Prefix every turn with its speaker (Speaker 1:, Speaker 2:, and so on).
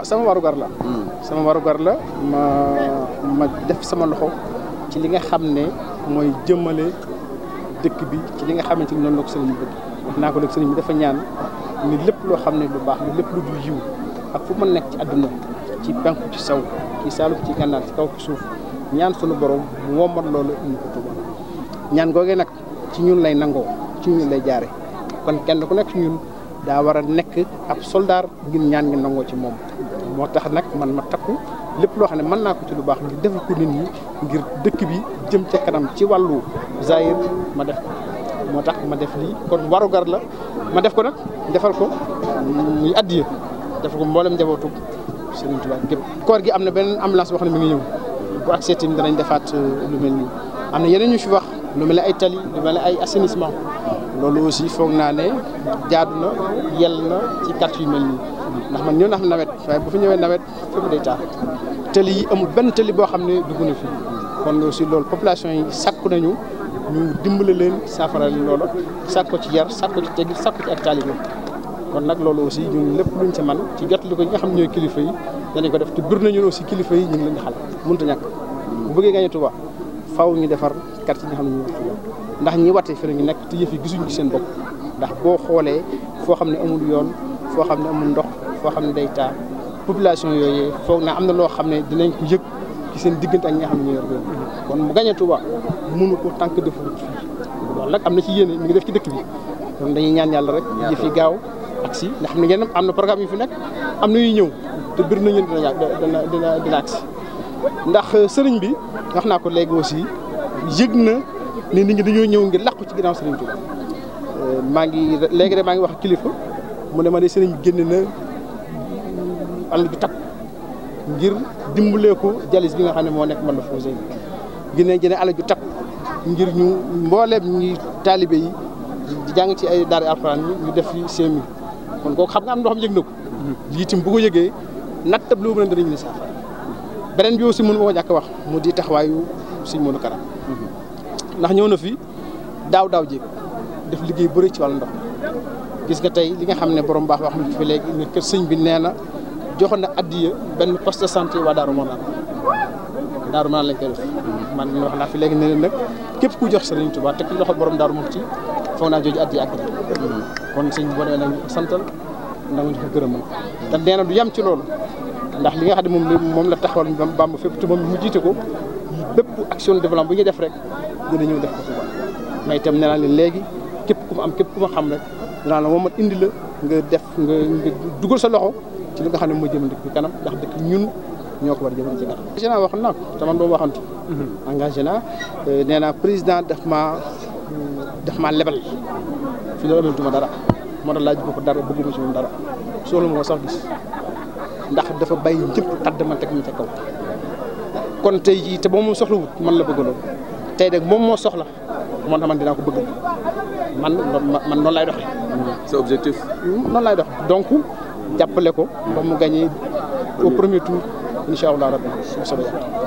Speaker 1: sama warugar la hmm. sama warugar la ma ma def sama loxo ci li nga xam ne mooy jëmmale dëkk bi ci li nga xamante ni noonu la ko sëriñ bi wax naa ko léegi sëriñ bi dafa ñaan ni lépp loo xam ne lu baax ni lépp lu dul yiw ak fu ma nekk ci àdduna ci penku ci saw ci saalum ci gànnaar ci kaw ci suuf ñaan sunu borom mu wommat loolu indi ko Tuuba ñaan googee nag ci ñun lay nangoo ci ñun lay jaare kon kenn ku nekk ci ñun daa war a nekk ab soldaar ngir ñaan ngi nangoo ci moom moo tax nag man ma takku lépp loo xam ne mën naa ko ci lu baax ngir defal ko nit ñi ngir dëkk bi jëm ca kanam ci wàllu zaahir ma def moo tax ma def lii kon warugar la ma def ko nag defal ko muy addiya defal ko mboolem njabootu Serigne Touba gépp koor gi am na beneen ambulance boo xam ne mu ngi ñëw bu ak seetim danañ defaat euh, lu mel nii am na yeneen ñu fi wax lu mel ne ay tali lu mel ne ay assainissement loolu aussi foog naa ne jaadu na yell na ci carte yu mel nii ndax man ñëw na xam nawet waaye bu fi ñëwee nawet fépp day taa tali yi amul benn tali boo xam ne dugg na fi kon aussi loolu population yi sakk nañu ñu dimbale leen saafara leen loolu ko ci yar sàkku ci tegi sàkku ci ak taalibe kon nag loolu aussi ñun lépp luñ ci man ci jot li ko ñi nga xam ñooy kilifa yi danañ ko def te bir nañu aussi kilifa yi ñu ngi leen di xal mënut a ñàkk bu bëggee faw ñu defar quartier yi nga xam ne ñu wattu fi ñu nekk te yëf yi gisuñu ci seen bopp ndax boo xoolee foo xam ne amul yoon foo xam ne amul ndox foo xam ne day taa population yooyu foog na am na loo xam ne dinañ ko yëg ci seen diggante ak ñi xam ne ñoo yor kon mu gañe Touba mënu ko tànk defu fii nag am na ci yéene mi ngi def ci dëkk bi kon dañuy ñaan yàlla rek yëf yi gaaw ak si nga xam ne ngeen am na programme yu fi nekk am na yuy ñëw te bir nañu dina dina dina dina agsi ndax euh, sëriñ bi wax naa ko léegi aussi yëg na ne nit ñi ñëw ngir làqu ci ginnaaw sëriñ Tuuba euh, maa ngi léegi maa ngi wax kilifa mu ne ma ne sëriñ bi génn na àll bi takk ngir dimbalee ko jalis bi nga xam ne moo nekk man la foofu génne jëne àll ju takk ngir ñu mbooleem ñi taalibe yi di jàng ci ay daara alxuraan ñu def fi seen kon kooku xam nga am na loo xam yëg na ko lii mm-hmm. itam bu ko yëgee nattab loo mën a danañ ne saafara beneen bi aussi mënu ma ko wax mu di taxawaayu suñ mënu karam ndax ñëw na fi daaw daaw jéeg def liggéey bëri ci wàllu ndox gis nga tey li nga xam ne borom baax wax na fi léegi ne kër sëñ bi nee na joxoon na addiya benn poste de santé waa Daaru Manaan Daaru Manaan lañ koy def man wax naa fi léegi ne leen nag ku jox Sëriñ Tuubaa te ku loxo borom Daaru ci foog naa jooju addiya ak kon sëñ bi ne nee nañ ko santal nanguñ ko gërëmal te nee du yem ci loolu ndax li nga xam ne moom la moom la taxawal Bamba fépp te moom mu jiite ko bépp action de bu ñu def rek dina ñëw def ko Touba mais itam nee naa leen léegi képp ku ma am képp ku ma xam rek naa la moom indi la nga def nga dugal sa loxo li nga xam ne moo jëm dëkk kanam ndax dëkk ñun ñoo ko war a naa wax naa ko te man boobu waxantu. Mhm. engagé naa euh, nee naa président def ma daf maa lebal fi loolu amatuma dara moo tax laaj ko dara bëgguma ci moom dara soxla ma sax gis. ndax dafa bàyyi ñëpp tàddamante ak ñu ca kaw kon tey jii te moom soxlawut man la bëggaloo tey nag moom moo soxla moo tax man dinaa ko bëggal man man noonu laay doxee. c'est objectif. noonu laay dox donc jàppale ko ba mu gagné au premier tour incha allah rabbi bu soobee yàlla